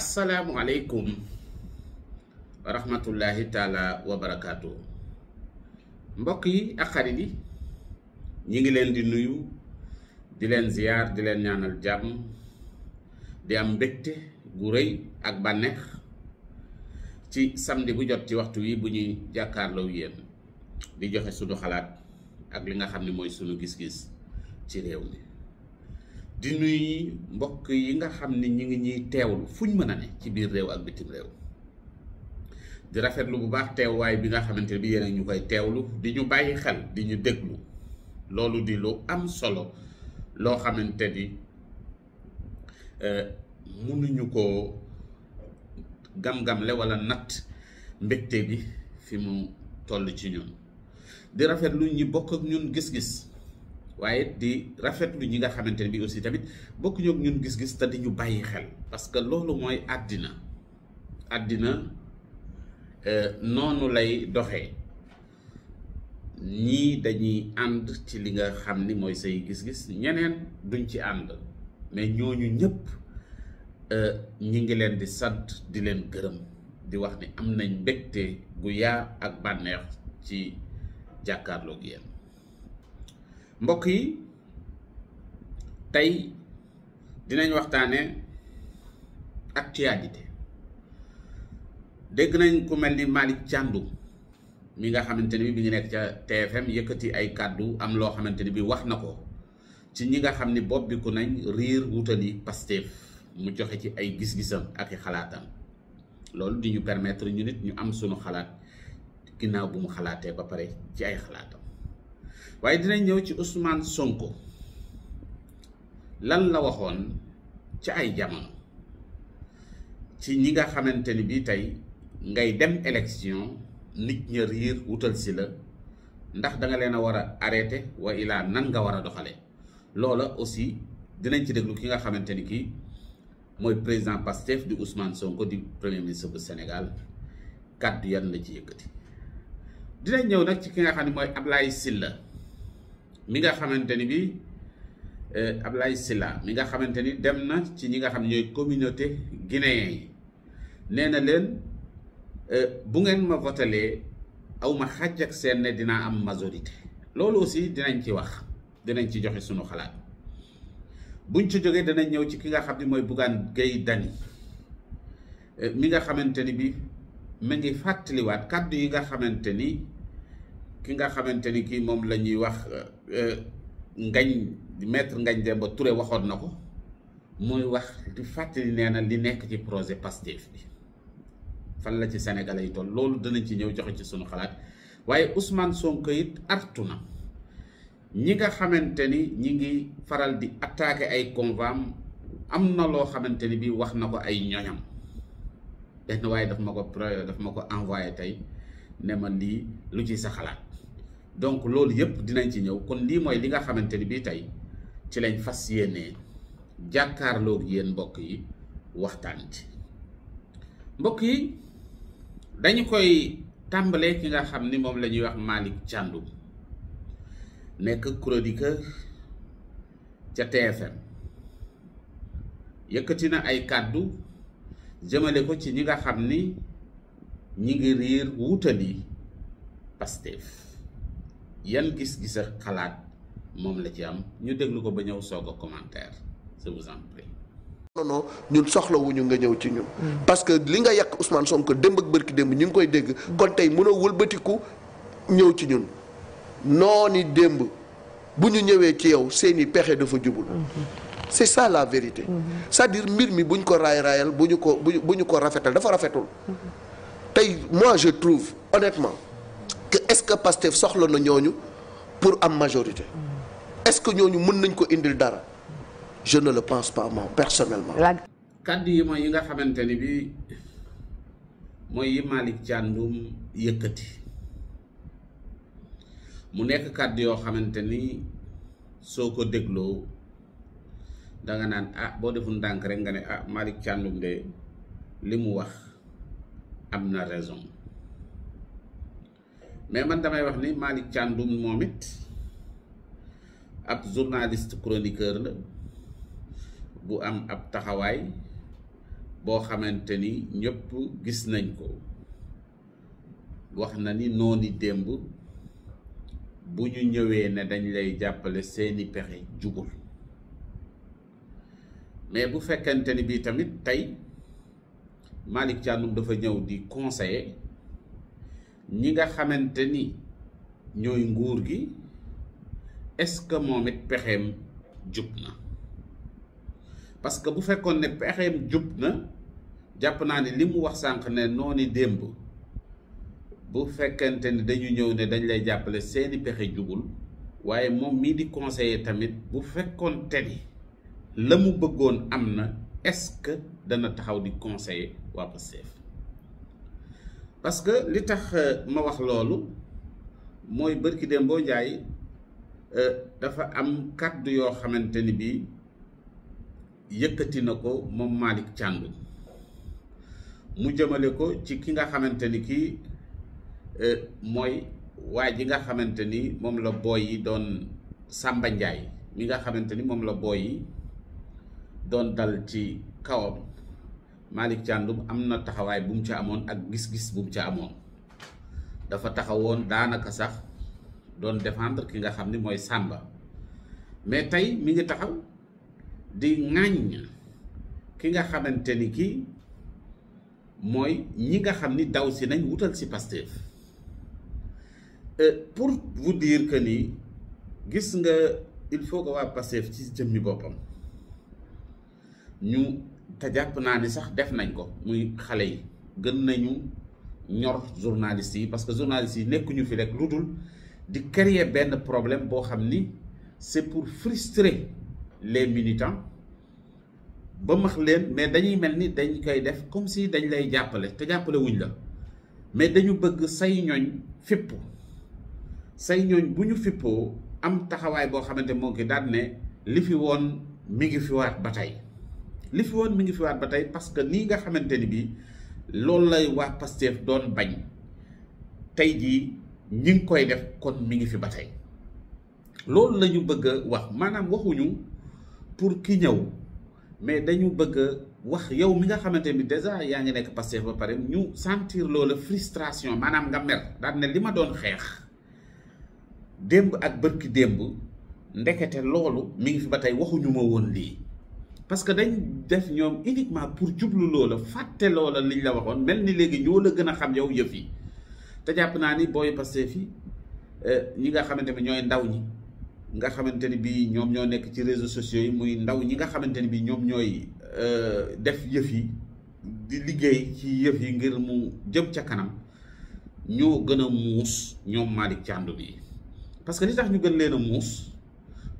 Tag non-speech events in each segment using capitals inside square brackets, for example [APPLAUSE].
asalaamualeykum wa rahmatullahi taala wa barakaatu mbokk yi ak xarit yi ñi ngi leen di nuyu di leen ziyaar di leen ñaanal jàmm di am mbégte gu rëy ak bànneex ci samedi bu jot ci waxtu wi bu ñuy jàkkaarloo yéen di joxe sunu xalaat ak li nga xam ne mooy sunu gis-gis ci réew mi di nuy mbokk yi nga xam ni ñu ngi ñuy teewlu fuñ mën ne ci biir réew ak bitim réew di rafetlu bu baax teewaay bi nga xamante ne bi yéen ñu koy teewlu di ñu bàyyi xel di ñu déglu loolu di lu am solo loo xamante ni euh, mënuñu ko gam-gamle wala natt mbégte bi fi mu toll ci ñun di rafetlu ñi bokk ak ñun gis-gis waaye di rafetlu ñi nga xamante ne bi aussi tamit bokk ñoog ñun gis-gis te di ñu bàyyi xel parce que loolu mooy àddina àddina euh, noonu lay doxee ñii dañuy ànd ci li nga xam ni mooy say gis-gis ñeneen duñ ci ànd mais ñooñu ñëpp euh, ñi ngi leen di sant di leen gërëm di wax ni am nañ mbégte gu yaa ak bànneex ci jàkkaarloo gi mbokk yi tey dinañ waxtaane actualité dégg nañ ku mel ni Malick Thiandoum mi nga xamante ni bi mi nekk ca TFM yëkkati ay kàddu am loo xamante ni bi wax na ko ci ñi nga xam ni bopp bi ku nañ riir wutali Pastef mu joxe ci ay gis-gisam ak xalaatam loolu di ñu permettre ñu nit ñu am sunu xalaat ginnaaw bu mu xalaatee ba pare ci ay xalaatam waaye dinañ ñëw ci Ousmane Sonko lan la waxoon ci ay jamono ci ñi nga xamante ni bii tey ngay dem élection nit ña riir wutal si la ndax da leen a war a arrêté waaye ilaa nan nga war a doxale loola aussi dinañ ci déglu ki nga xamante ni kii mooy président Pastef di Ousmane Sonko di premier ministre bu Sénégal kàddu yan la ci yëkkati dinañ ñëw nag ci ki nga xam ne mooy Ablaye Sylla mi nga xamante ni bi eh, Ablaye Sylla mi nga xamante ni dem na ci ñi nga xam ne ñooy communauté guinéen yi nee na leen eh, bu ngeen ma votalee aw ma xàjj ak seen ne dinaa am majorité loolu aussi dinañ ci wax dinañ ci joxe sunu xalaat buñ ci jógee danañ ñëw ci ki nga xam ne mooy Bougane Gueye Dany eh, mi nga xamante ni bi mu ngi fàttaliwaat kàddu yi nga xamante ni ki nga xamante ni kii moom la ñuy wax euh, ngañ maître ngañ dem ba Touré waxoon na ko muy wax di fàttali nee na li nekk ci projet Pastef bi fan la ci Sénégalais yi toll loolu dinañ ci ñëw joxe ci sunu xalaat waaye Ousmane Sonko it artu na ñi nga xamante ni ñi ngi faral di attaque ay convam am na loo xamante ni bii wax na ko ay ñoñam benn waaye daf ma ko daf ma ko envoyé tey ne ma lii lu ciy sa xalaat donc loolu yëpp dinañ ci ñëw kon lii mooy li nga xamante ni bii tey ci lañ fas yéene jàkkaarloog yéen mbokk yi waxtaan ci mbokk yi dañu koy tàmbalee ki nga xam ni moom lañuy wax Malick Thiandoum nekk chroniqueur ca TFM yëkkati na ay kàddu jëmale ko ci ñi nga xam ni ñi ngi riir wutali Pastef yan gis-gis xalaat moom la ci am ñu déglu ko ba ñëw soog a commentaire je vous en ñun soxlawuñu nga ñëw ci ñun. Mm. parce que li nga yàq Ousmane sonk démb ak bërki démb ñu ngi koy dégg. kon tey mënoo wëlbatiku ñëw ci ñun. nooni démb bu ñu ñëwee ci yow seeni pexe dafa jubul. Mm-hmm. c'est ça la vérité. Mm-hmm. cest diir mbir mi bu ñu ko raay raayal bu ñu ko bu ñu ko rafetal dafa rafetul. Mm-hmm. tey mois je trouve honnêtement. que Pastef soxla na ñooñu pour am majorité est-ce que ñooñu mën nañ ko indil dara je ne le pense pas moi personnellement. kaddu yi mooy yi nga xamante ni bii mooy yi Malick Thiandoum yëkkati mu nekk kaddu yoo xamante ni soo ko dégloo da nga naan ah boo deful ndànk rek nga ne ah Malick Thiandoum de li mu wax am na raison. mais man damay wax ni Malick Thiandoum moom it ab journaliste chroniqueur la bu am ab taxawaay boo xamante ni ñëpp gis nañ ko wax na ni nooni démb bu ñu ñëwee ne dañ lay jàppale seeni pexe jugul mais bu fekkente ni bii tamit tey Malick Thiandoum dafa ñëw di conseiller ñi nga xamante ni ñooy nguur gi est-ce que moom it pexeem jub na parce que bu fekkoon ne pexeem jub na jàpp naa ne li mu wax sànq ne noonu démb bu fekkente ni dañu ñëw ne dañ lay jàppale seeni pexe jubul waaye moom mii di conseiller tamit bu fekkoon te ni la mu bëggoon am na est-ce que dana taxaw di conseiller waa Pastef parce que li tax euh, ma wax loolu mooy bërki Dembo Njaay euh, dafa am kàddu yoo xamante ni bii yëkkati na ko moom Malick Thiandoum mu jëmale ko ci ki nga xamante ni kii euh, mooy waa ji nga xamante ni moom la booy yi doon Samba Ndiaye mi nga xamante ni moom la booy yi doon dal ci kawam Malick Thiandoum am na taxawaay bu mu ca amoon ak gis-gis bu mu ca amoon dafa taxawoon daanaka sax doon defendre ki nga xam ni mooy sàmba mais tey mi ngi taxaw di ŋàññ ki nga xamante ni kii mooy ñi nga xam ni daw si nañ wutal si Pastef euh, pour vous dire que ni gis nga il faut que waa Pastef ci jëmmi boppam ñu te jàpp naa ni sax def nañ ko muy xale yi gën nañu ñor journaliste yi parce que journaliste yi nekkuñu fi rek lu dul di créer benn problème boo xam ni c'est pour frustrer les militants ba max leen mais dañuy mel ni dañ koy def comme si dañ lay jàppale te jàppale la mais dañu bëgg say ñooñ fippu say ñooñ bu ñu fippoo am taxawaay boo xamante moo ngi daan ne li fi woon mi ngi fiwaat ba tey li fi woon mi ngi fi waat ba tey parce que nii nga xamante ni bii loolu lay waa Pastef doon bañ tey jii ñi ngi koy def kon mi ngi fi ba tey loolu la ñu bëgg a wax maanaam waxuñu pour ki ñëw mais dañu bëgg a wax yow mi nga xamante ni déjà yaa ngi nekk Pastef ba pare ñu sentir loola frustration maanaam nga mer daan ne li ma doon xeex démb ak bërki démb ndekete loolu mi ngi fi ba tey waxuñu ma woon lii parce que dañ def ñoom uniquement pour jublu loola fàtte loola liñ la waxoon mel ni léegi ñoo la gën a xam yow yëf yi te jàpp naa ni booy Pastef yi eh, ñi nga xamante ne ñooy ndaw ñi nga xamante ni bii ñoom ñoo nekk ci réseaux sociaux yi muy ndaw ñi nga xamante ni bii ñoom ñooy eh, def yëf yi di liggéey ci yëf yi ngir mu jëm ca kanam ñoo gën a muus ñoom Malick Thiandoum yi parce que li tax ñu gën leen a muus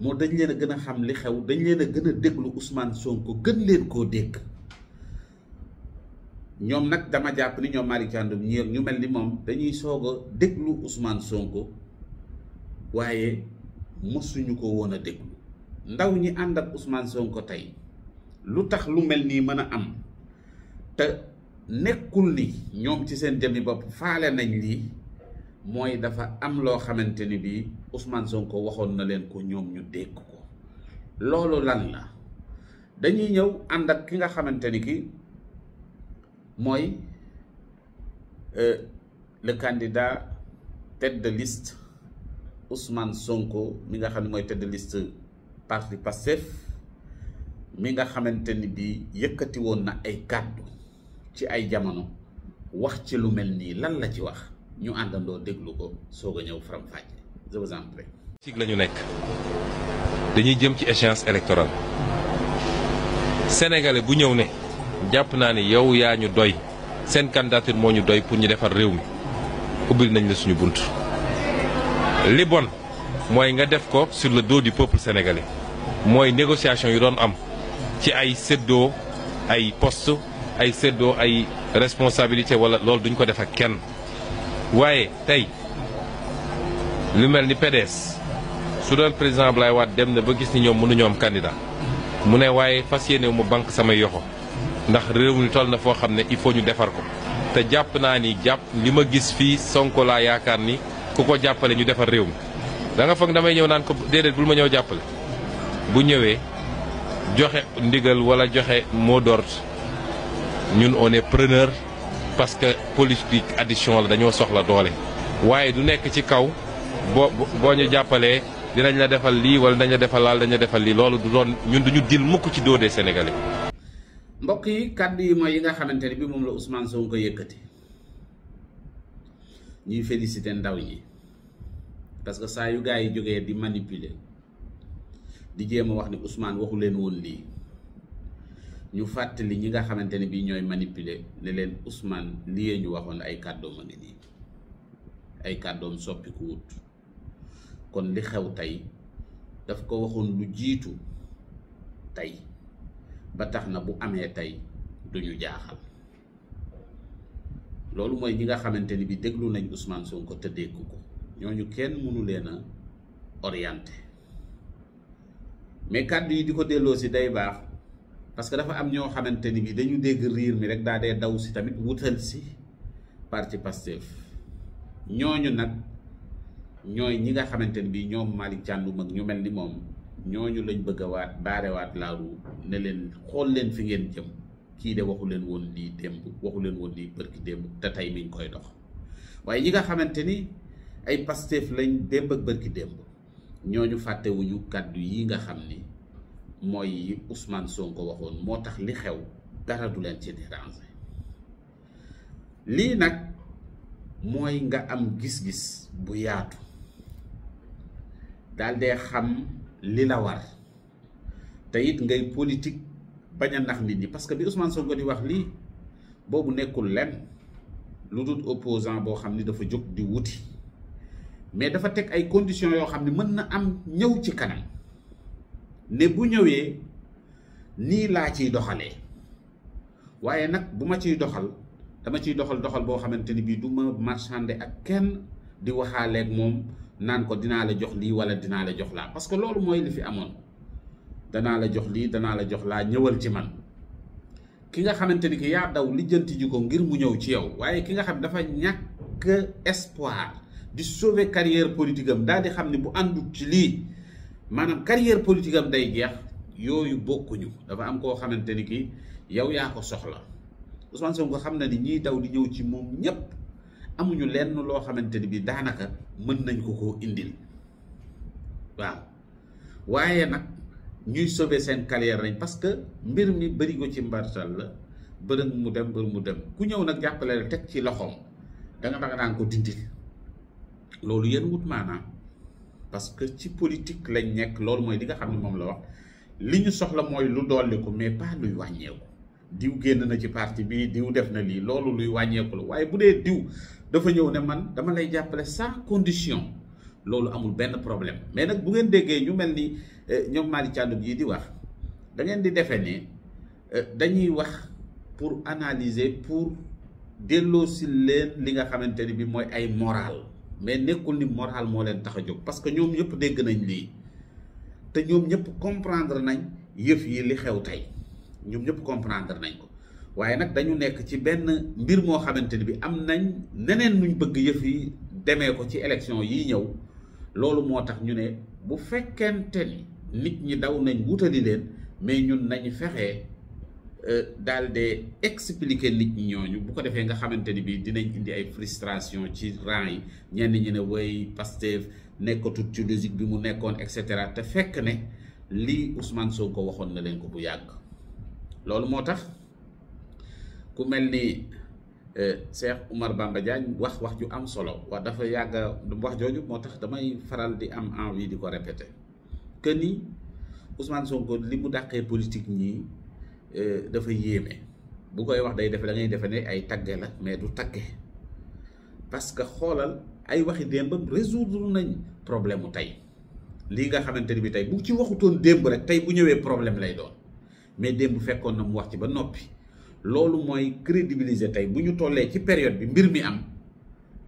moo dañ leen a gën a xam li xew dañ leen a gën a déglu Ousmane Sonko gën leen koo dégg ñoom nag dama jàpp ni ñoom Malick Thiandoum ñi ñu mel ni moom dañuy soog déglu usmaan Sonko waaye mosuñu ko woon a déglu ndaw ñi ànd ak Ousmane Sonko tey lu tax lu mel nii mën a am te nekkul ni ñoom ci seen jëmmi bopp faale nañ lii mooy dafa am loo xamante ni bii Ousmane Sonko waxoon na leen ko ñoom ñu dégg ko loolu lan la dañuy ñëw ànd ak ki nga xamante ni ki mooy euh, le candidat tête de liste Sonko mi nga xam ne mooy tête de liste parti Pastef mi nga xamante ni bi yëkkati woon na ay kàddu ci ay jamono wax ci lu mel nii lan la ci wax ñu àndandoo déglu ko soog a ñëw faram je la ñu nekk dañuy jëm ci échéance électorale sénégalais bu ñëw ne jàpp naa ne yow yaa ñu doy seen candidature moo ñu doy pour ñu defar réew mi ubbil nañ la suñu bunt li bon mooy nga def ko sur le dos du peuple sénégalais mooy négociation yu doon am ci ay séddoo ay post ay séddoo ay responsabilité wala loolu duñ ko def ak kenn waaye tey lu mel ni PDS su doon président lay waat dem na ba gis ni ñoom mënuñoo am mu ne waaye fas yéene mu banque samay yoxo ndax réew mi toll na foo xam ne il faut ñu defar ko te jàpp naa ni jàpp li ma gis fii Sonko laa yaakaar ni ku ko jàppale ñu defar réew mi da nga foog damay ñëw naan ko déedéet bul ma ñëw jàppale bu ñëwee joxe ndigal walla joxe mot d'ordre ñun on est preneur parce que politique addition la dañoo soxla doole waaye du nekk ci kaw boo boo ñu jàppalee dinañ la defal lii wala dañ la defal laal dañ la defal lii loolu du doon ñun duñu dil mukk ci doodee sénégalais. mbokk yi kàddu yi mooy yi nga xamante ne bi moom la Ousmane Sonko yëkkati ñuy félicité ndaw yi parce que saa yi jógee di manipuler di jéem a wax ni Ousmane waxu leen woon lii ñu fàttali ñi nga xamante ne bii ñooy manipuler ne leen Ousmane lii ñu waxoon ay kàddoom a ngi nii ay kàddoom soppiku wut. kon li xew tey daf ko waxoon lu jiitu tey ba tax na bu amee tey duñu jaaxal loolu mooy ñi nga xamante ni bi déglu nañ Ousmane ko te dégg ko ñooñu kenn mënu leen a orienté mais kàddu yi di ko delloo si day baax parce que dafa am ñoo xamante ni bi dañu dégg riir mi rek daa dee daw si tamit wutal si parti Pastef ñooñu nag ñooy ñi nga xamante ne bii ñoom Malick Thiandoum ak ñu mel ni moom ñooñu lañ bëgg waat baarewaat laaru ne leen xool leen fi ngeen jëm kii de waxu leen woon lii démb waxu leen woon lii përki démb te tey miñ koy dox waaye ñi nga xamante ni ay Pastef lañ démb ak bërki ñooñu fàttewuñu kàddu yi nga xam ni mooy usmaan Ousmane ko waxoon moo tax li xew dara du leen ci déranger lii nag mooy nga am gis-gis bu yaatu daal dee xam li la war te it ngay politique bañ a ndax nit ñi parce que bi Ousmane Sonko di wax lii boobu nekkul lenn lu dul opposant boo xam ni dafa jóg di wuti mais dafa teg ay conditions yoo xam ne mën na am ñëw ci kanam ne bu ñëwee nii laa ciy doxalee waaye nag bu ma ciy doxal dama ciy doxal doxal boo xamante ni bii du ma marchander ak kenn di waxaaleeg moom naan ko dinaa la jox lii wala dinaa la jox laa parce que loolu mooy li fi amoon danaa la jox lii danaa la jox laa ñëwal ci man ki nga xamante ni ki yaa daw lijjanti ji ko ngir mu ñëw ci yow waaye ki nga xam dafa ñàkk espoir di sauver carrière politique am daal di xam ne bu àndut ci lii maanaam carrière politique day jeex yooyu bokkuñu dafa am koo xamante ni ki yow yaa ko soxla Ousmane Sonko xam na ni ñiy daw di ñëw ci moom ñépp amuñu lenn loo xamante bii bi daanaka mën nañ ko koo indil waaw waaye nag ñuy sauver seen carrière nañ parce que mbir mi bërigo ci mbartal la bërëng mu dem bër mu dem ku ñëw nag jàppale teg ci loxoom danga nag naan ko dindil loolu yéen wut maanaam parce que ci politique lañ nekk loolu mooy li nga xam ne moom la wax li ñu soxla mooy lu dolliku mais pas luy wàññeeku diw génn na ci parti bi diw def na lii loolu luy wàññeeku la waaye bu dee diw dafa ñëw ne man dama lay jàppale sans condition loolu amul benn problème mais nag bu ngeen déggee ñu mel ni euh, ñoom Malick Thiandoum yi di wax da ngeen di defee ne euh, dañuy wax pour analiser pour delloo si leen li nga xamante ni bi mooy ay moral mais nekkul ni moral moo leen tax a jóg parce que ñoom ñëpp dégg nañ lii te ñoom ñëpp comprendre nañ yëf yi li xew tey ñoom ñëpp comprendre nañ ko waaye nag dañu nekk ci benn mbir moo xamante ni bi am nañ neneen nuñ bëgg yëf yi demee ko ci élection yi ñëw loolu moo tax ñu ne bu fekkente nit ñi daw nañ wutali leen mais ñun nañ fexe euh, daal de expliquer nit ñi ñooñu bu ko defee nga xamante ni bi dinañ indi ay frustration ci rang yi ñenn ñi ne way Pastef nekkatut ci logique bi mu nekkoon et cetera te fekk ne lii Ousmane ko waxoon na leen ko bu yàgg loolu moo tax ku mel ni eh, Cheikh Oumar Bamba Diagne wax wax ju am solo waa dafa yàgg wax jooju moo tax damay faral di am envie di ko répéter que ni Ousmane Sonko li mu dàqee politique ñii eh, dafa yéeme bu koy wax day defe dangay defe ne ay tagge la mais du tagge parce que xoolal ay waxi démbam résoudre nañ problème mu tey lii nga xamante ni bi tey bu ci waxutoon démb rek tey bu ñëwee problème lay doon mais démb fekkoon na mu wax ci ba noppi loolu mooy crédibiliser tey bu ñu tollee ci période bi mbir mi am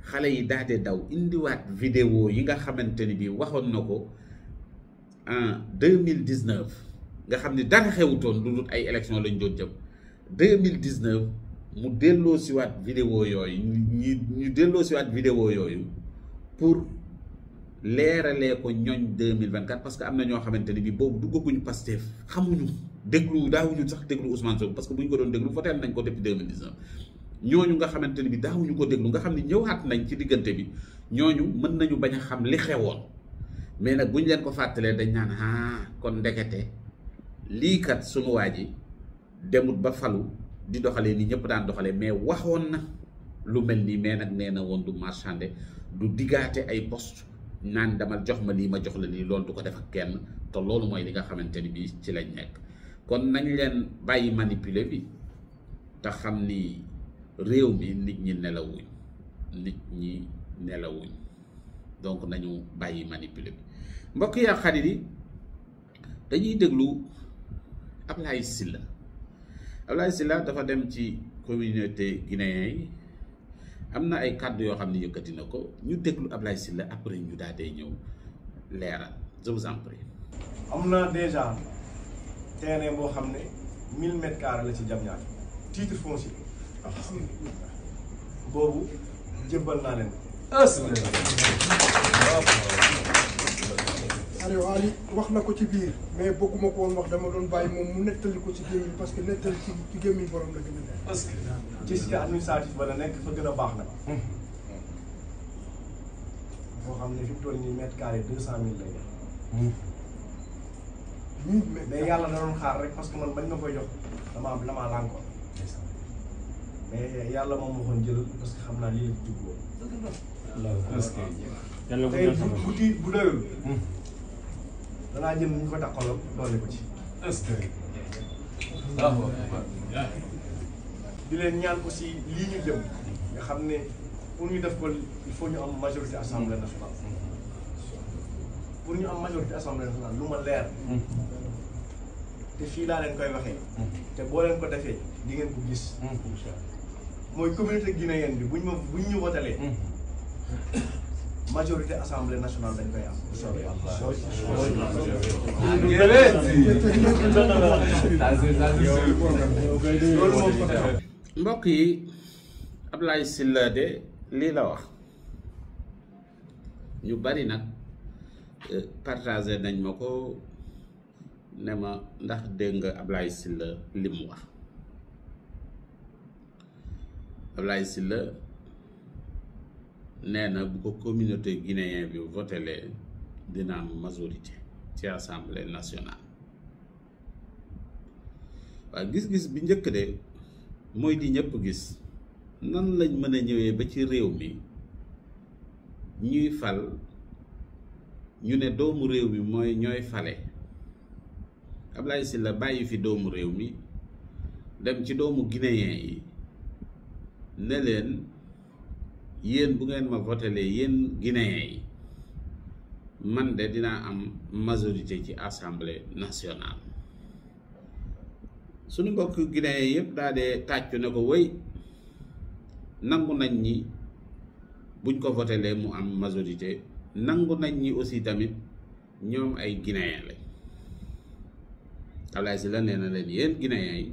xale yi daal di daw indiwaat vidéo yi nga xamante ni bii waxoon na ko ah deux mille dix neuf nga xam ni dara xewutoon lu dul ay élection lañ doon jëm deux mille dix neuf mu delloo siwaat vidéo yooyu ñu ñu delloo siwaat vidéo yooyu pour leeralee ko ñooñ 2024 parce que am na ñoo xamante ni bi boobu duggaguñu Pastef xamuñu déglu daawuñu sax déglu Ousmane Sonko parce que bu ñu ko doon déglu voteel nañ ko depuis ñooñu nga xamante ni bi daawuñu ko déglu nga xam ne ñëwaat nañ ci diggante bi ñooñu mën nañu bañ a xam li xewoon mais nag bu ñu leen ko fàttalee dañ naan ah kon ndekete lii kat sunu waa ji demut ba falu di doxalee ni ñëpp daan doxalee mais waxoon na lu mel nii mais nag nee na woon du marchandé du digaate ay poste naan damal jox ma lii ma jox la lii loolu du ko def ak kenn te loolu mooy li nga xamante ni bii ci lañ nekk kon nañu leen bàyyi manipuler bi te xam ni réew mi nit ñi nelawuñ nit ñi nelawuñ donc nañu bàyyi manipule bi mbokk yaa xarit yi dañuy déglu Ablaye Sylla Ablaye Sylla dafa dem ci communauté guinéen yi am na ay kàddu yoo xam ne yëkkati na ko ñu déglu Ablaye Sylla après ñu daal di ñëw leeral je vous am na déjà terrain boo xam ne 1000 mètres carrés la ci Diamniadio titre foncier boobu jëbbal naa leen. Aliou Ali wax na ko ci biir mais bokkuma ko woon wax dama doon bàyyi moom mu nettali ko ci gémmiñ parce que nettali ci ci gémmiñ borom la gën a nekk. parce que ci cité administrative ba la nekk fa gën a baax nag. boo hmm. xam ne fi mu toll nii mètre carré deux cent mille lay hmm. mais yàlla da doon xaar rek parce que man bañ ma koy jox damaa damaa lànkoon. mais yàlla moom moo ko jël parce xam naa lii la fi bu doyul. Hmm. danaa jël ñu ko taxawal doole ko ci. ce que. di leen ñaan aussi lii ñu jëm nga xam ne pour ñu def ko il ñu am majorité assemblée nationale. pour ñu am majorité assemblée nationale lu ma leer. te fii laa leen koy waxee. te boo leen ko defee di ngeen ko gis. Mm. mooy communauté guinéenne bi buñ ma buñ ñu wotalee. majorité mbokk yi Abdoulaye Sylla de lii la wax ñu bari nag euh, partagé nañ ma ko ne ma ndax dégg nga Abdoulaye Sylla li mu wax Abdoulaye Sylla nee na bu ko communauté guinéen bi votelee dina am majorité ci assemblée nationale waa gis-gis bi njëkk de mooy di ñëpp gis nan lañ mën a ñëwee ba ci réew mi ñuy fal ñu ne doomu réew mi mooy ñooy fale Ablaye la bàyyi fi doomu réew mi dem ci doomu guinéen yi ne leen yéen bu ngeen ma votelee yéen guinéens yi man de dinaa am majorité ci assemblée nationale suñu mbokk guinéens yëpp daa de tàccu ne ko wéy nangu nañ ñi buñ ko votelee mu am majorité nangu nañ ñi aussi tamit ñoom ay guinéens lañ si la nee na leen yéen guinéens yi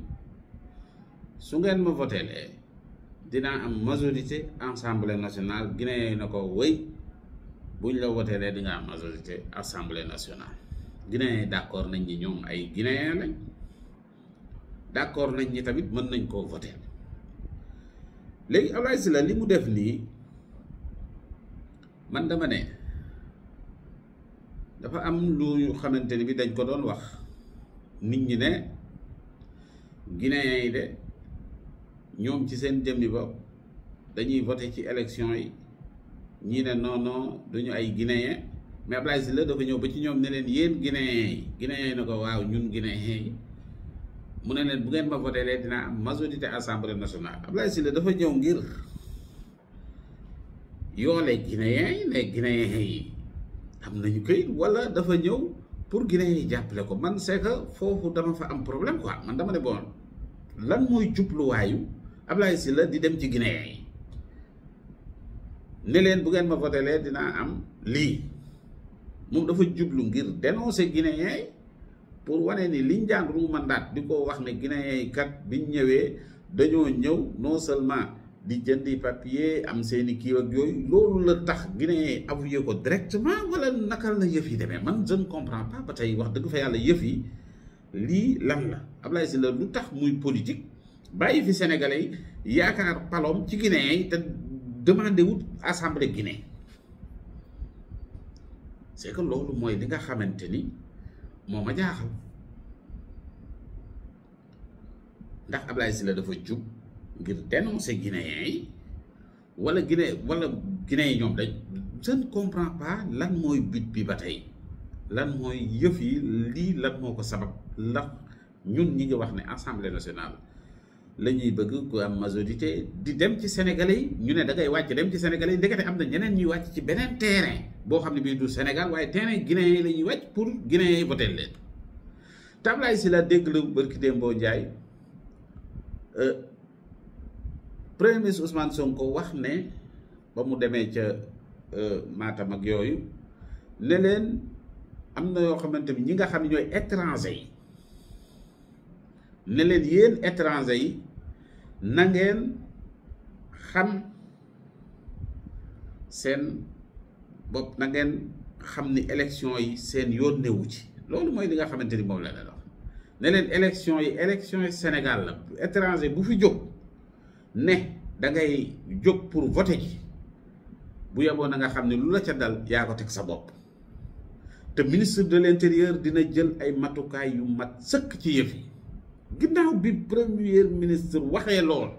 su ngeen ma votelee dinaa am majorité assemblée nationale yi na ko wëy buñ la woteelee di nga am majorité assemblée nationale guinéen d'accord nañ ni ñoom ay guinéen lañ d'accord nañ ni tamit mën nañ koo voter léegi Abdoulaye la li mu def nii man dama ne dafa am lu xamante ni bi dañ ko doon wax nit ñi ne guinéen yi de ñoom ci seen jëmmi bopp dañuy voté ci élection yi ñii ne non non duñu ay guinéen mais Abdoulaye la dafa ñëw ba ci ñoom ne leen yéen guinéen yi guinéen yi ne ko waaw ñun guinéen yi mu ne leen bu ngeen ma voté lee dinaa am majorité assemblée nationale Abdoulaye Sylla dafa ñëw ngir yoole guinéen yi ne guinéen yi am nañu këyit wala dafa ñëw pour guinéen yi jàppale ko man c'est que foofu dama fa am problème ah man dama ne bon lan mooy jubluwaayu Ablaye la di dem ci Guinée yi leen bu ngeen ma votelee dinaa am lii moom dafa jublu ngir dénoncer Guinéen yi pour wane ni liñ daan ruu mandat di ko wax ne Guinéen yi kat biñ ñëwee dañoo ñëw non seulement di jëndi papier am seeni kii ak yooyu loolu la tax Guinéen yi avoué ko directement wala nakal la yëf yi demee man je ne comprends tey wax dëgg fa yàlla yëf yi lii lan la Ablaye Sylla lu tax muy politique bàyyi fi sénégalais yaakaar paloom ci guinéen yi te demandé wut assemblée guinée c'est que loolu mooy li nga xamante ni moo ma jaaxal ndax Ablaye Sylla dafa jub ngir dénoncer guinéen walla wala guinée wala guinéen yi ñoom da seen ne comprends pas lan mooy but bi ba tey lan mooy yëf yi lii lan moo ko sabab ndax ñun ñi ngi wax ne assemblée nationale lañuy ñuy bëgg ku am majorité di dem ci Sénégalais yi ñu ne da wàcc dem ci Sénégalais yi ndekete am na ñeneen ñuy wàcc ci beneen terrain boo xam ne bi du Sénégal waaye terrain Guinée yi la ñuy wàcc pour Guinée yi voté leen Tablaye si la dégg lu barki Dembo Ndiaye euh, premier ministre Ousmane Sonko wax ne ba mu demee ca euh, Matam ak yooyu ne leen am na yoo xamante ni ñi nga xam ne ñooy étranger yi ne leen yéen étranger yi. na ngeen xam seen bopp na ngeen xam ni élection yi seen yoon newu ci loolu mooy li nga xamante ni moom la leen wax ne leen élection yi élection yi Sénégal la étranger bu fi jóg ne dangay ngay jóg pour voter ji bu yeboo na nga xam ne lu la ca dal yaa ko teg sa bopp te ministre de l'intérieur dina jël ay matukaay yu mat sëkk ci yëf yi ginnaaw bi premier ministre waxee lool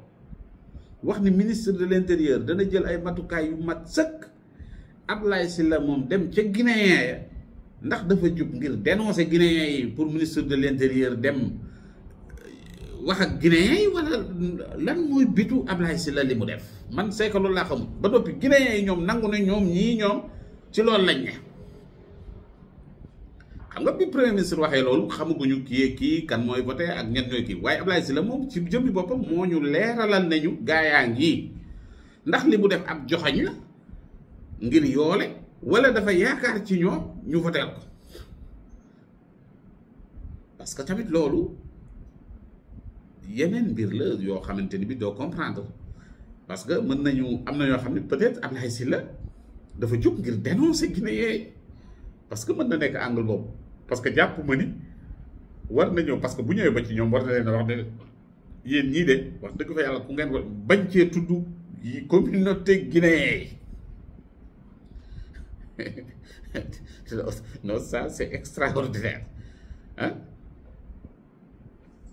wax ni ministre de l'intérieur dana jël ay matukaay yu mat sëkk Ablaye la moom dem ca guinéen ndax dafa jub ngir dénoncer guinéen yi pour ministre de l'intérieur dem euh, wax ak guinéen yi wala lan mooy bitu si la li mu def man c'est que laa xamul ba noppi guinéen yi ñoom nangu na ñoom ñii ñoom ci lool lañ ne xam nga bi premier ministre waxee loolu xamu ñu kii kii kan mooy voté ak ñen ñooy kii waaye Abdoulaye Sylla moom ci jëmmi boppam moo ñu leeralal nañu gaayaa ngi ndax li mu def ab joxañ la ngir yoole walla dafa yaakaar ci ñoom ñu voteel ko parce que tamit loolu yeneen mbir la yoo xamante ni bi doo comprendre parce que mën nañu am na yoo xam ne peut-être Abdoulaye Sylla dafa jóg ngir dénoncer Guinée parce que mën na nekk angle boobu parce que jàpp ma ni war na ñëw parce que bu ñëwee ba ci ñoom war na leen a wax ne yéen ñii de wax dëgg fa yàlla ku ngeen war bañ cee tuddu yi communauté guinéen [LAUGHS] non ça c'est extraordinaire ah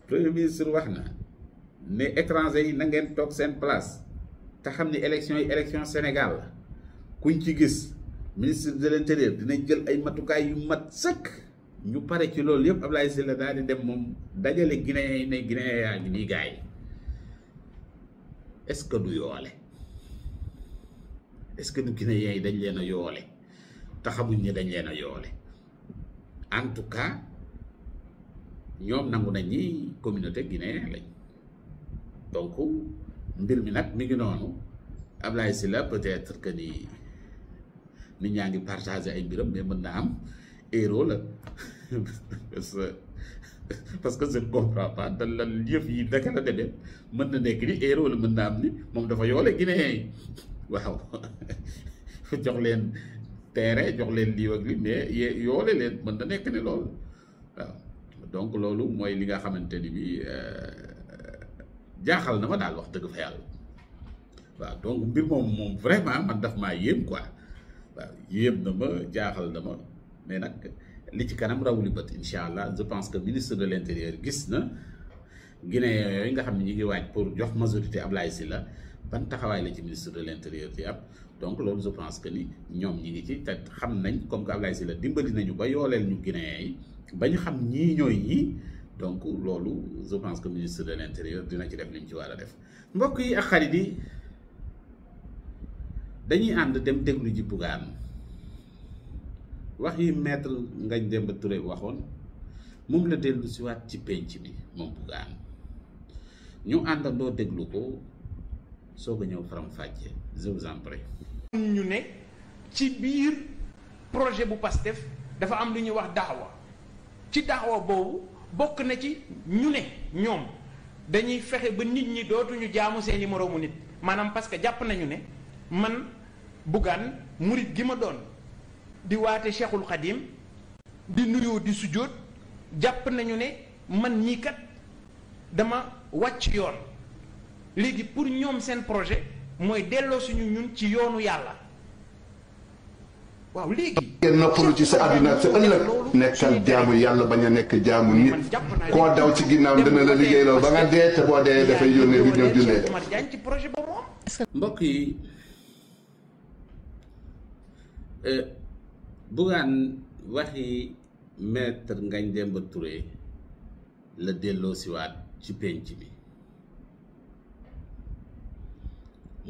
premier ministre wax na ne étranger yi na ngeen toog seen place te xam ni élection yi élection Sénégal la kuñ ci gis ministre de l'intérieur dinañ jël ay matukaay yu mat sëkk ñu pare ci loolu yëpp Ablaye la daal di dem moom dajale Guinée ne Guinée yaa ngi nii gars yi est-ce que du yoole est-ce que du Guinée yi dañ leen a yoole te xamuñ dañ leen a yoole en tout cas ñoom nangu nañ ni communauté guinéenne lañ donc mbir mi nag mi ngi noonu Ablaye Sylla peut-être que ni ñaa ngi partagé ay mbiram mais mën na am. héros la [LAUGHS] parce que je ne comprends pas da lan yëf yi naka la demee mën na nekk ni héros la mën na am ni moom dafa yoole Guinée yi waaw [LAUGHS] jox leen terrain jox leen lii ak li mais yoole leen mën na nekk ni loolu waaw donc loolu mooy li nga xamante ni bi euh, jaaxal na ma daal wax dëgg fa yàlla waaw donc mbir moom moom vraiment man daf maa yéem quoi waaw yéem na ma jaaxal na ma mais nag li ci kanam rawuli bët incha allah je pense que ministre de l' gis na guinéen yooyu nga xam ne ñu ngi waaj pour jox majorité Ablaye la ban taxawaay la ci ministre de l' intérieur di ab donc loolu je pense que ni ñoom ñi ngi ci te xam nañ comme que Ablaye Sylla dimbali nañu ba yooleel ñu guinéen yi ba ñu xam ñii ñooy ñii donc loolu je pense que ministre de l' dina ci def li mu ci war a def mbokk yi ak xarit yi dañuy ànd dem déglu ji wax yi maître Ngagne Demba Touré waxoon moom la dellu siwaat ci pénc bi moom Bougane ñu àndandoo déglu ko soog a ñëw faram fàcce je vous en ñu ne ci biir projet bu PASTEF dafa am lu ñuy wax daawa ci daawa boobu bokk na ci ñu ne ñoom dañuy fexe ba nit ñi dootuñu jaamu seeni moroomu nit maanaam parce que jàpp nañu ne man Bougane murit gi ma doon di waate cheikhul xadim di nuyoo di sujjóot jàpp nañu ne man ñii kat dama wàcc yoon léegi pour ñoom seen projet mooy delloo suñu ñun ci yoonu yàlla waaw léegi ngeen noppalu ci sa àdduna ak sa ëllëg nekkal jaamu yàlla bañ a nekk jaamu nit koo daw ci ginnaaw dana la liggéeyloo ba nga dee te boo dee dafay yónnee bi ñëw jullee mbokk yi euh, Bougane waxi maître Ngagne Demba Touré la delloo siwaat ci pénc bi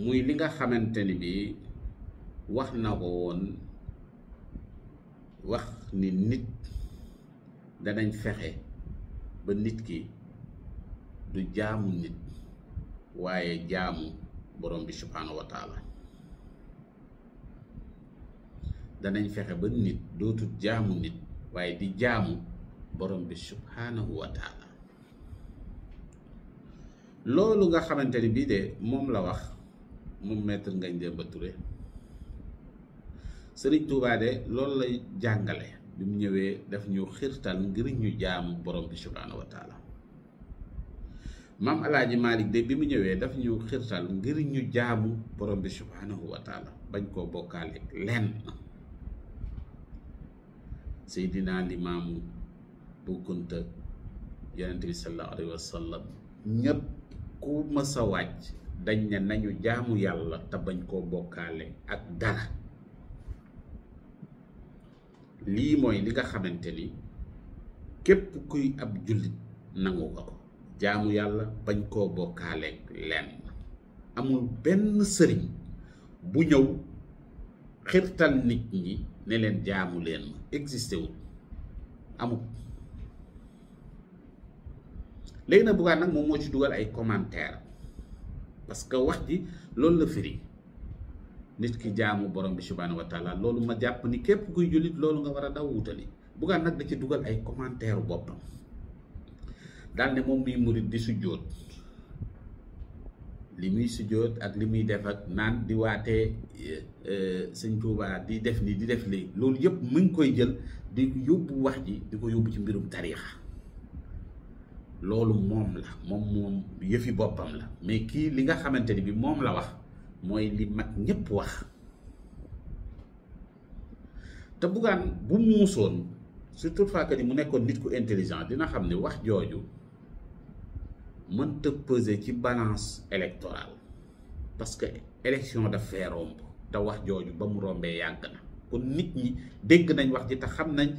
muy li nga xamante ni bi wax na ko woon wax ni nit danañ fexe ba nit ki du jaamu nit waaye jaamu borom bi subhaanahu wa danañ fexe ba nit dootul jaamu nit waaye di jaamu borom bi subhaanahu loolu nga xamante ni bii de moom la wax moom maître Ngagne Demba ture sëriñ Tuubaa de loolu lay jàngale bi mu ñëwee daf ñu xirtal ngir ñu jaamu borom bi subhaanahu alaaji Malick de bi mu ñëwee daf ñu xirtal ngir ñu jaamu borom bi bañ koo bokkaale lenn seydina limaamu bu kunta yonent bi sallallahu alayhi wa ñépp ku mës a dañ ne nañu jaamu yàlla te bañ koo bokkaale ak dara lii mooy li nga xamante ni képp kuy ab jullit nangu ko jaamu yàlla bañ koo bokkaale lenn amul benn sëriñ bu ñëw xirtal nit ñi ne leen jaamu leen ma existé wul amul léegi nag Bougane nag moom moo ci dugal ay commentaire parce que wax ji loolu la firi nit ki jaamu borom bi subhaanahu wa taala loolu ma jàpp ni képp kuy jullit loolu nga war a daw wutali Bougane nag da ci dugal ay commentaire boppam daal ne moom muy murit di su li muy sujjoot ak li muy def ak naan di waatee eh, eh, sëñ Tuuba di def ni di def li loolu yëpp mu ngi koy jël di yóbbu wax ji di ko yóbbu ci mbirum tariixa loolu moom la moom moom yëfi boppam la mais kii li nga xamante ni bi moom la wax mooy li mag ñépp wax te buggaan bu muusoon surtout que ni mu nekkoon nit ku intelligent dina xam ne wax jooju mënta peser ci balance électorale parce que élection daf fee romb te wax jooju ba mu rombee yàgg na kon nit ñi dégg nañ wax ji te xam nañ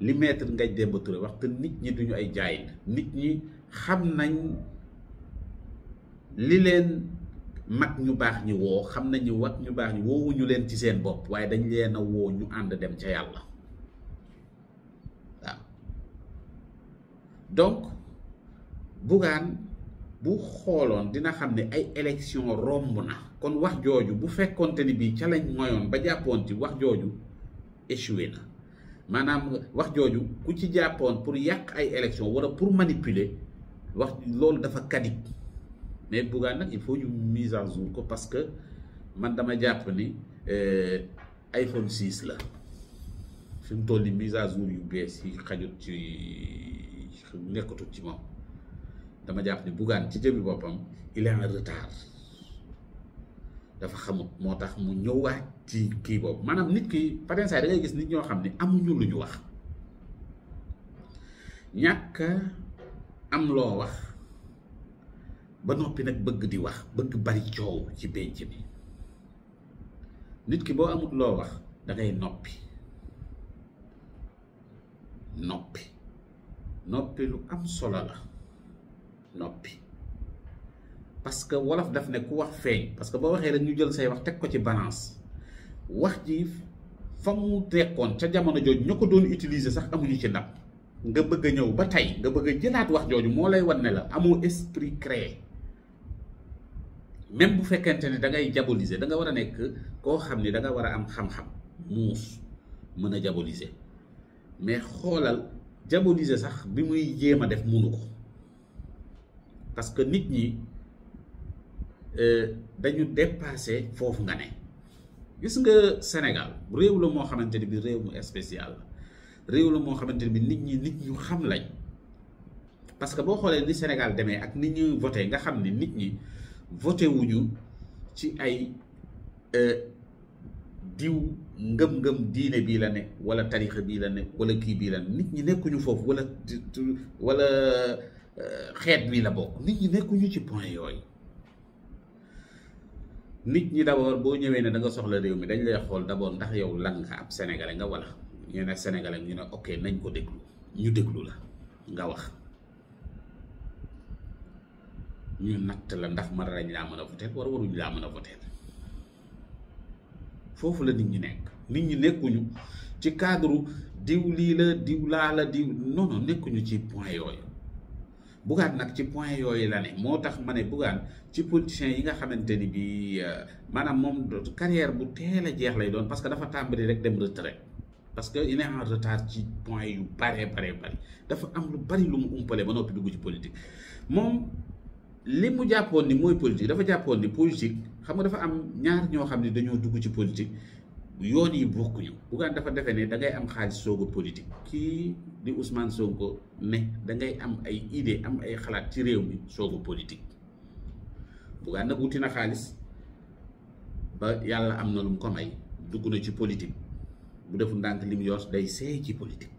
li maître Ngagne Demba Touré wax te nit ñi duñu ay jaay nit ñi xam nañ li leen mag ñu baax ñi woo xam nañ ni mag ñu baax ñi woowuñu leen ci seen bopp waaye dañ leen a woo ñu ànd dem ca yàlla donc Bougane bu xooloon dina xam ne ay élection romb na kon wax jooju bu fekkonte ni bii ca lañ moyoon ba jàppoon ci wax jooju échoué na maanaam wax jooju ku ci jàppoon pour yàq ay élection wala pour manipuler wax loolu dafa kadib mais Bougane nag il faut ñu mise à jour ko parce que man dama jàpp ni euh, iPhone 6 la fi mu toll ni mise à jour yu bees yi xajut ci nekkatul ci moom dama jàpp ne Bougane ci jëmmi boppam il est en retard dafa xamut moo tax mu ñëwaat ci kii boobu maanaam nit ki patensaay da gis nit ñoo xam ne amuñu lu ñu wax ñàkk am loo wax ba noppi nag bëgg di wax bëgg bari coow ci pénc bi nit ki boo amut loo wax da noppi noppi noppi lu am solo la noppi parce que wolof daf ne ku wax feeñ parce que boo waxee rek ñu jël say wax teg ko ci balance wax ji fa mu tekkoon ca jamono jooju ña ko doon utiliser sax amuñu ci ndam nga bëgg a ñëw ba tey nga bëgg a jëlaat wax jooju moo lay wan ne la amoo esprit créé même bu fekkente ne da ngay diaboliser da nga war a nekk koo xam ni da nga war a am xam-xam muus mën a diaboliser mais xoolal diaboliser sax bi muy jéem a def munu ko. parce que nit ñi euh, dañu dépassé foofu nga ne gis nga Sénégal réew la moo xamante ni bi réew mu spécial la réew moo xamante ni bi nit ñi nit ñu xam lañ parce que boo xoolee ni Sénégal demee ak nit ñuy voté nga xam ni nit ñi voté wuñu ci ay euh, diw ngëm-ngëm diine bii la ne wala tarixa bii la ne wala kii bii la ne nit ñi nekkuñu foofu wala wala xeet bii la bokk nit ñi nekkuñu ci point yooyu nit ñi d'abord boo ñëwee ne danga soxla réew mi dañ lay xool d'abord ndax yow lan nga ab sénégalais nga wala ñu ne sénégalais nañ ko déglu ñu déglu la nga wax ñu natt la ndax mën nañ laa mën a voter war waruñ laa mën a voter foofu la nit ñi nekk nit ñi nekkuñu ci cadre diw lii la diw laa la diw non nekkuñu ci point yooyu. Bougane nag ci point yooyu la ne moo tax ma ne Bougane ci politiciens yi nga xamante ni bi euh, maanaam moom carrière bu teel a jeex lay doon parce que dafa tàmbali rek dem retraite parce que il est en retard ci point yu bare bare bari dafa am lu bari lu mu umpale ba noppi dugg ci politique moom li mu jàppoon ni mooy politique dafa jàppoon ni politique xam nga dafa am ñaar ñoo xam ne dañoo dugg ci politique yoon yi bokkuñu Bougane dafa defe ne da ngay am xaalis soog a politique kii di Ousmane Sonko ne da ngay am ay idée am ay xalaat ci réew mi soog a politique Bougane nag wuti na xaalis ba yàlla am na lu mu ko may dugg na ci politique bu defu ndànk lim yoos day see ci politique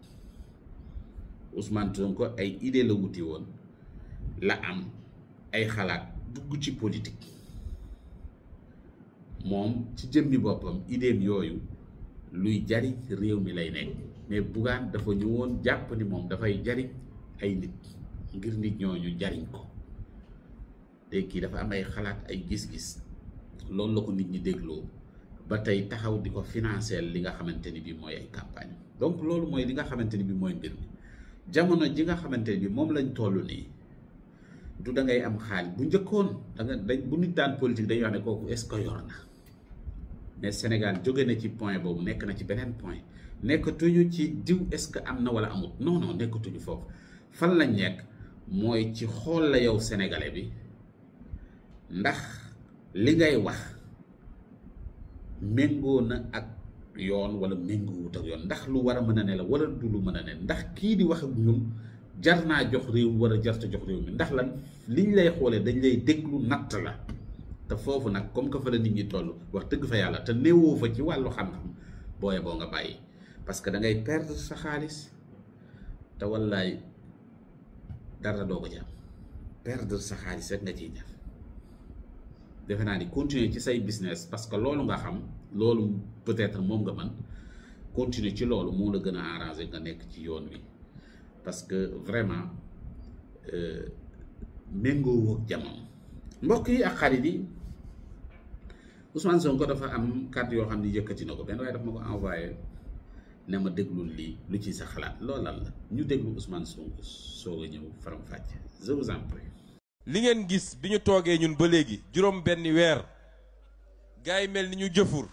Ousmane Sonko ay idée la wuti woon la am ay xalaat dugg ci politique moom ci jëmmi boppam idéem yooyu luy jariñ réew mi lay nekk mais Bougane dafa ñu woon jàpp ni moom dafay jariñ ay nit ngir nit ñu jariñ ko te kii dafa am ay xalaat ay gis-gis loolu la ko nit ñi dégloo ba tey taxaw di ko financer li nga xamante ni bii mooy ay campagne donc loolu mooy li nga xamante ni bii mooy mbir mi jamono ji nga xamante ni bii moom lañ toll nii du da ngay am xaalis bu njëkkoon da nga dañ bu nit daan politique dañuy wax ne kooku est-ce que na. mais Sénégal jóge na ci point boobu nekk na ci beneen point nekkatuñu ci diw est-ce que am na wala amut non nekkatuñu foofu fan lañ nekk mooy ci xool la yow sénégalais bi ndax li ngay wax méngoo na ak yoon wala méngoowut ak yoon ndax lu war a mën a ne la wala du lu mën a ne ndax kii di wax ak ñun jar naa jox réew war wala jarta jox réew mi ndax lan liñ lay xoolee dañ lay déglu natt la te foofu nag comme que fa la nit ñi toll wax dëgg fa yàlla te néewoo fa ci wàllu xam-xam booye boo nga bàyyi parce que da ngay perdre sa xaalis te wallaay dara doo ko jàpp perdre sa xaalis rek nga ciy def defe naa ni continuer ci say business parce que loolu nga xam loolu peut-être moom nga man continuer ci loolu moo la gën a arranger nga nekk ci yoon wi parce que vraiment euh, méngoo woog jamono mbokk yi ak xarit yi Ousmane Sonko dafa am kàddu yoo xam ne yëkkati na ko benn waaye dafa ma ko envoyé ne ma déglu lii lu ci sa xalaat loolal la ñu déglu Ousmane Sonko soog a ñëw faram fàcce je vous en li ngeen gis bi ñu toogee ñun ba léegi juróom benn weer gars yi mel ni ñu jëfur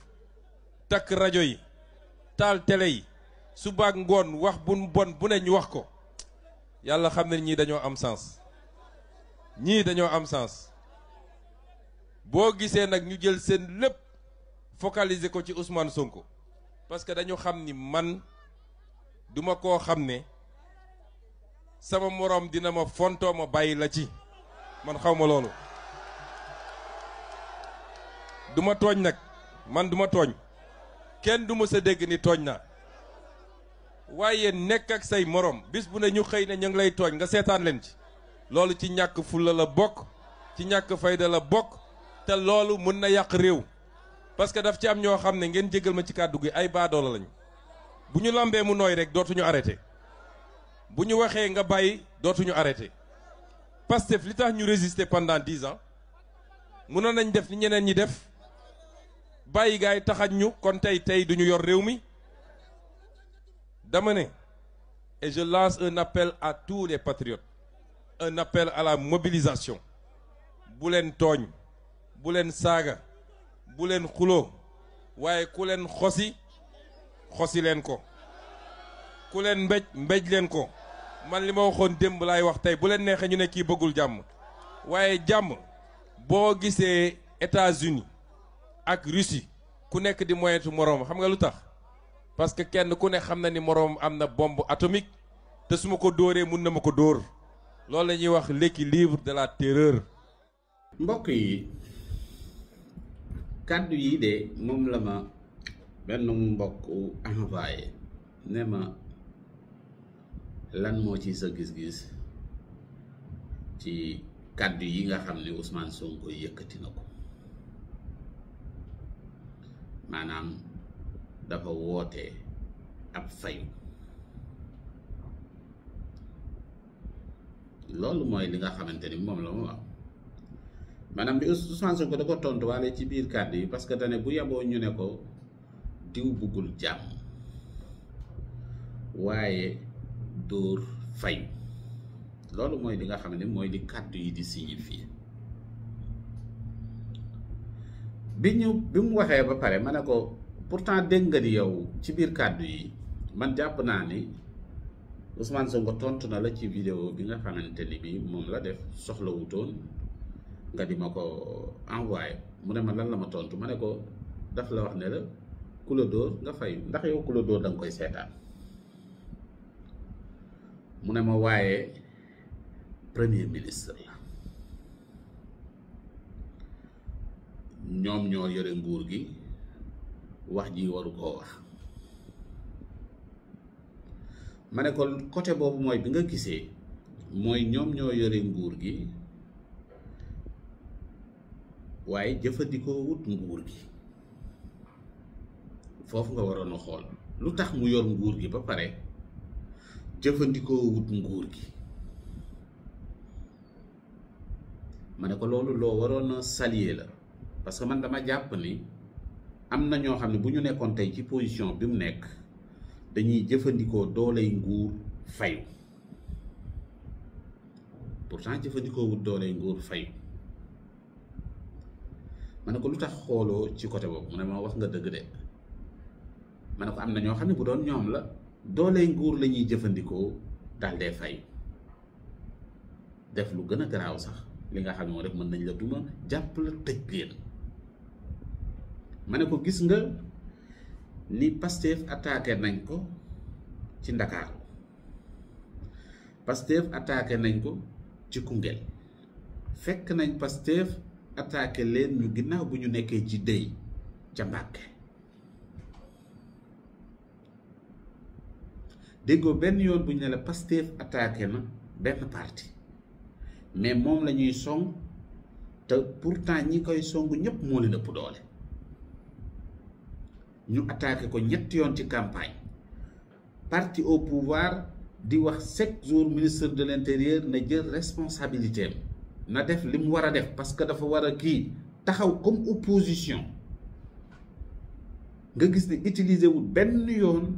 takk rajo yi taal télé yi suba ak ngoon wax bu bon bu ne ñu wax ko yàlla xam ne ñii dañoo am sens ñii dañoo am sens. boo gisee nag ñu jël seen lépp focaliser ko ci usmaan Sonko parce que dañu xam ni man duma koo xam ne sama moroom dina ma fontoo ma bàyyi la ci man xaw ma loolu duma tooñ nag man duma tooñ kenn du mësa dégg ni tooñ naa waaye nekk ak say moroom bis bu ne ñu xëy ne ñu ngi lay tooñ nga seetaan leen ci loolu ci ñàkk fulla la bokk ci ñàkk fayda la bokk te loolu mën na yàq réew parce que daf ci am ñoo xam ne ngeen jégal ma ci kàddu gi ay baadoola lañ bu ñu lambee mu nooy rek dootuñu arrêté bu ñu waxee nga bàyyi dootuñu arrêté Pastef li tax ñu résister pendant dix ans mënoon nañ def ni ñeneen ñi def bàyyi gaay taxañ ñu kon tey tey duñu yor réew mi dama ne et je lance un appel à tout les patriotes un appel à la mobilisation bu leen tooñ bu leen saaga bu leen xuloo waaye ku leen xosi xosi leen ko ku leen mbëj mbéj leen ko man li ma waxoon démb laay wax tey bu leen neexee ñu ne kii bëggul jàmm waaye jàmm boo gisee États-Unis ak Russie ku nekk di moyetu moroom xam nga lu tax parce que kenn ku ne xam na ni moroom am na bomb atomique te su ma ko dóoree mun na ma ko dóor loolu la ñuy wax l'équilibre de la terreur mbokk yi kàddu yi de moom la ma benn mbokk envoyé ne ma lan moo ci sa gis-gis ci kàddu yi nga xam ne Ousmane Sonko yëkkati na ko maanaam dafa woote ab fayu loolu mooy li nga xamante ni moom la ma wax maanaam bi Ousmane ko da ko tontuwaale ci biir kàddu yi parce que dane bu yaboo ñu ne ko diw buggul jàmm waaye dóor fay loolu mooy li nga xam ne mooy di kàddu yi di signifié bi ñu bi mu waxee ba pare ma ne ko pourtant dégg nga ni yow ci biir kàddu yi man jàpp naa ni Ousmane ko tontu na la ci vidéo bi nga xamante ni bi moom la def soxlawutoon nga di ma ko envoyé mu ne ma lan la ma tontu ma ne ko daf la wax ne la ku dóor nga fay ndax yow ku dóor da nga koy seetaan mu ne ma waaye premier ministre la ñoom ñoo yëre nguur gi wax ji waru koo wax ma ne ko côté boobu mooy bi nga gisee mooy ñoom ñoo yëre nguur gi waaye jëfandikoo wut nguur gi foofu nga waroon a xool lu tax mu yor nguur gi ba pare jëfandikoo wut nguur gi ma ne ko loolu loo waroon a salier la parce que man dama jàpp ni am na ñoo xam ne bu ñu nekkoon tey ci position bi mu nekk dañuy jëfandikoo dooley nguur fayu pourtant jëfandikoo wut dooley nguur fayu ma ne ko lu tax xooloo ci côté boobu mu ne ma wax nga dëgg de ma ne ko am na ñoo xam ne bu doon ñoom la doole nguur lañuy jëfandikoo daal dee fay def lu gën a garaaw sax li nga xam ne moo def mën nañ la duma jàpp la tëj leen ma ne ko gis nga ni Pastef attaqué nañ ko ci Ndakaaru Pastef attaqué nañ ko ci Koungheul fekk nañ Pastef attaqué leen ñu ginnaaw bu ñu nekkee ci déy ca Mbàkke déggoo benn yoon bu ñu ne la Pastef attaqué na benn parti mais moom lañuy ñuy song te pourtant ñi koy song ñëpp moo leen ëpp doole ñu attaqué ko ñetti yoon ci campagne parti au pouvoir di wax chaque jour ministre de l'intérieur na jël responsabilité na def li mu war a def parce que dafa war a kii taxaw comme opposition nga gis ne utiliser wul benn yoon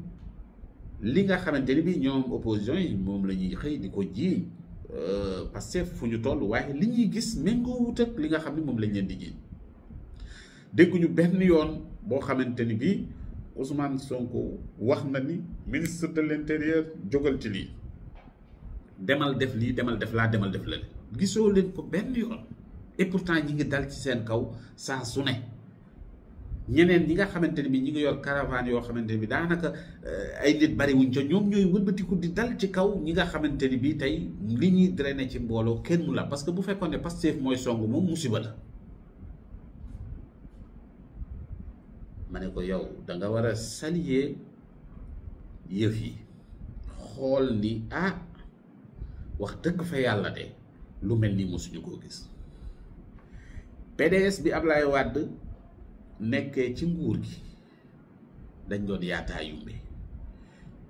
li nga xamante ni bi ñoom opposition yi moom lañuy xëy di ko jiiñ euh, Pastef fu ñu toll waaye li ñuy gis méngoo wut ak li nga xam ne moom lañ leen di jiiñ dégguñu benn yoon boo xamante ni bi Ousmane Sonko wax na ni ministre de l'intérieur jógal ci lii demal def lii demal def laa demal def la gisoo leen ko benn yoon et pourtant ñi ngi dal ci seen kaw saa su ne ñeneen ñi nga xamante ne bi ñi ngi yor caravane yoo xamante ne bi daanaka euh, ay nit bari wuñ ca ñoom ñooy wëlbatiku di dal ci kaw ñi nga xamante ni bi tey li ñuy drainer ci mbooloo kenn mu la parce que bu fekkoon ne Pastef mooy song moom musiba la ma ne ko yow danga war a salier yëf yi xool ni ah wax dëgg fa yàlla de lu mel ni mosuñu koo gis PDS bi Ablaye Wade nekkee ci nguur gi dañ doon yaataa yumbe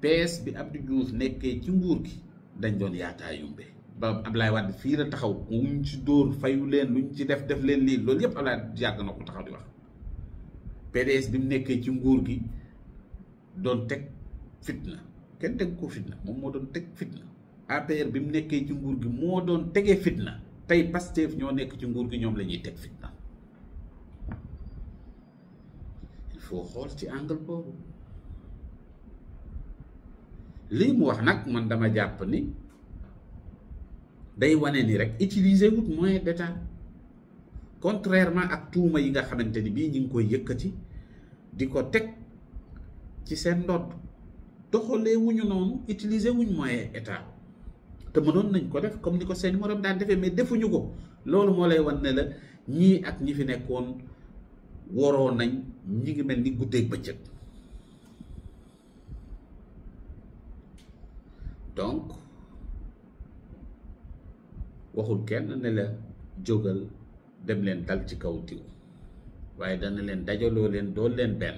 PS bi Abdou Diouf nekkee ci nguur gi dañ doon yaataa yumbe ba Ablaye Wade fii la taxaw ñu ci dóor fayu leen luñ ci def def leen lii loolu yépp Ablaye yàgg na ko taxaw di wax PDS bi mu nekkee ci nguur gi doon teg fitna kenn teg ko fitna moom moo doon teg fitna APR bi mu nekkee ci nguur gi moo doon tege fitna tey Pastef ñoo nekk ci nguur gi ñoom la ñuy teg fitna il faut xool ci angle boobu lii mu wax nag man dama jàpp ni day wane ni rek utiliser wut moyen d'état contrairement ak tuuma yi nga xamante ni bii ñu ngi koy yëkkati di ko teg ci seen ndodd doxalee wuñu noonu utiliser wuñ moyen état. te mënoon nañ ko def comme ni ko seen morom daan defee mais defuñu ko loolu moo lay wan ne la ñii ak ñi fi nekkoon waroo nañ ñi ngi mel ni guddeeg bëccëg donc waxul kenn ne la jógal dem leen dal ci kaw diw waaye dana leen dajaloo leen dool leen benn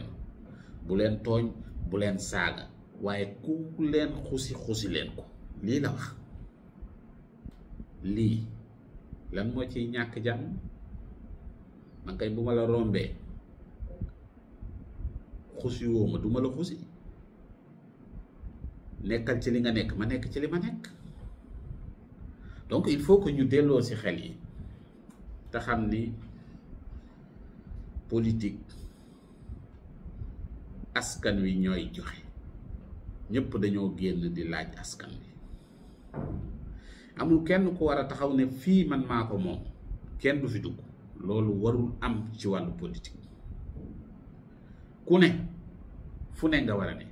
bu leen tooñ bu leen saaga waaye ku leen xusi xusi leen ko lii la wax lii lan moo ci ñàkk jàmm man kay bu ma la rombee xusi woo ma du la xusi nekkal ci li nga nekk ma nekk ci li ma nekk donc il faut que ñu delloo ci xel yi te xam ni politique askan wi ñooy joxe ñëpp dañoo génn di laaj askan wi amul kenn ku war a taxaw ne fii man maa ko moom kenn du fi dugg loolu warul am ci wàllu politique ku ne fu ne nga war a ne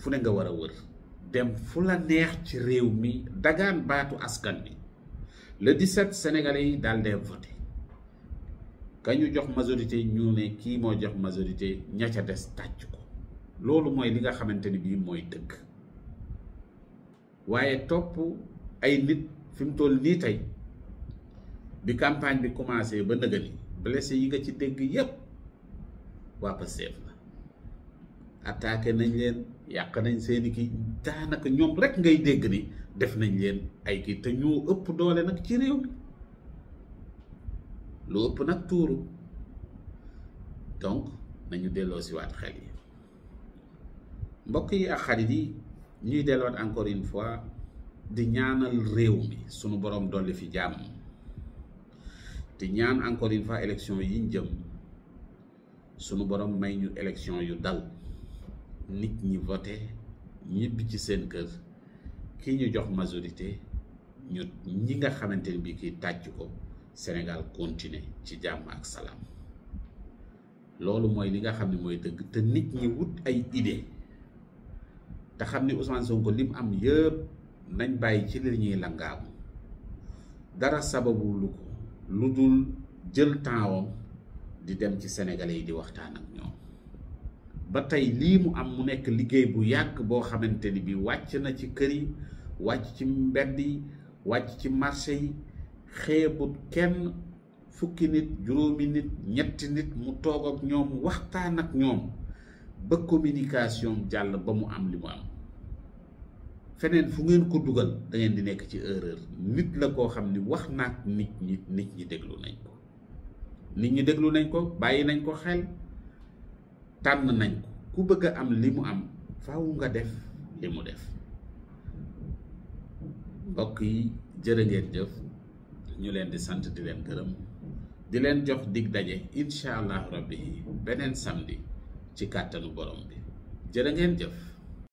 fu ne nga war a wër dem fu la neex ci réew mi dagaan baatu askan bi le 17 sénégalais yi daal dee voté ka ñu jox majorité ñu ne kii moo jox majorité ña ca des tàcc ko loolu mooy li nga xamante ni bii mooy dëgg waaye topp ay nit fi mu toll nii tey bi campagne bi commencé ba nëgë ni blessé yi nga ci dégg yépp waa seef la attaqué nañ leen yàq nañ seeni kii daanaka ñoom rek ngay dégg ni def nañ leen ay kii te ñoo ëpp doole nag ci réew mi lu ëpp nag tuuru donc nañu delloo si waat xel yi mbokk yi ak xarit yi ñuy delloon encore une fois di ñaanal réew mi sunu borom dolli fi jàmm di ñaan encore une fois élection yi ñu jëm sunu borom may ñu élection yu dal nit ñi voté ñibbi ci seen kër ki ñu jox majorité ñu ñi nga xamante ni bii kii tàcc ko Sénégal continuer ci jàmm ak salaam loolu mooy li nga xam ni mooy dëgg te nit ñi wut ay idée te xam ni Ousmane ko lim am yëpp. nañ bàyyi ci li ñuy langaamu dara sababu lu ko lu dul jël tempsam di dem ci sénégalais yi di waxtaan ak ñoom ba tey lii mu am mu nekk liggéey bu yàgg boo xamante ni bi wàcc na ci kër yi wàcc ci mbedd yi wàcc ci marché yi xeebut kenn fukki nit juróomi nit ñetti nit mu toog ak ñoom waxtaan ak ñoom ba communication jàll ba mu am li mu am feneen fu ngeen ko dugal dangeen di nekk ci erreur nit la koo xam ni wax naag nit ñi nit ñi déglu nañ ko nit ñi déglu nañ ko bàyyi nañ ko xel tànn nañ ko ku bëgg a am li mu am faaw nga def li mu def mbokk yi jërë ngeen jëf ñu leen di sant di leen gërëm di leen jox dig daje incha allahu rabbi beneen samedi ci kàttanu borom bi jërë ngeen jëf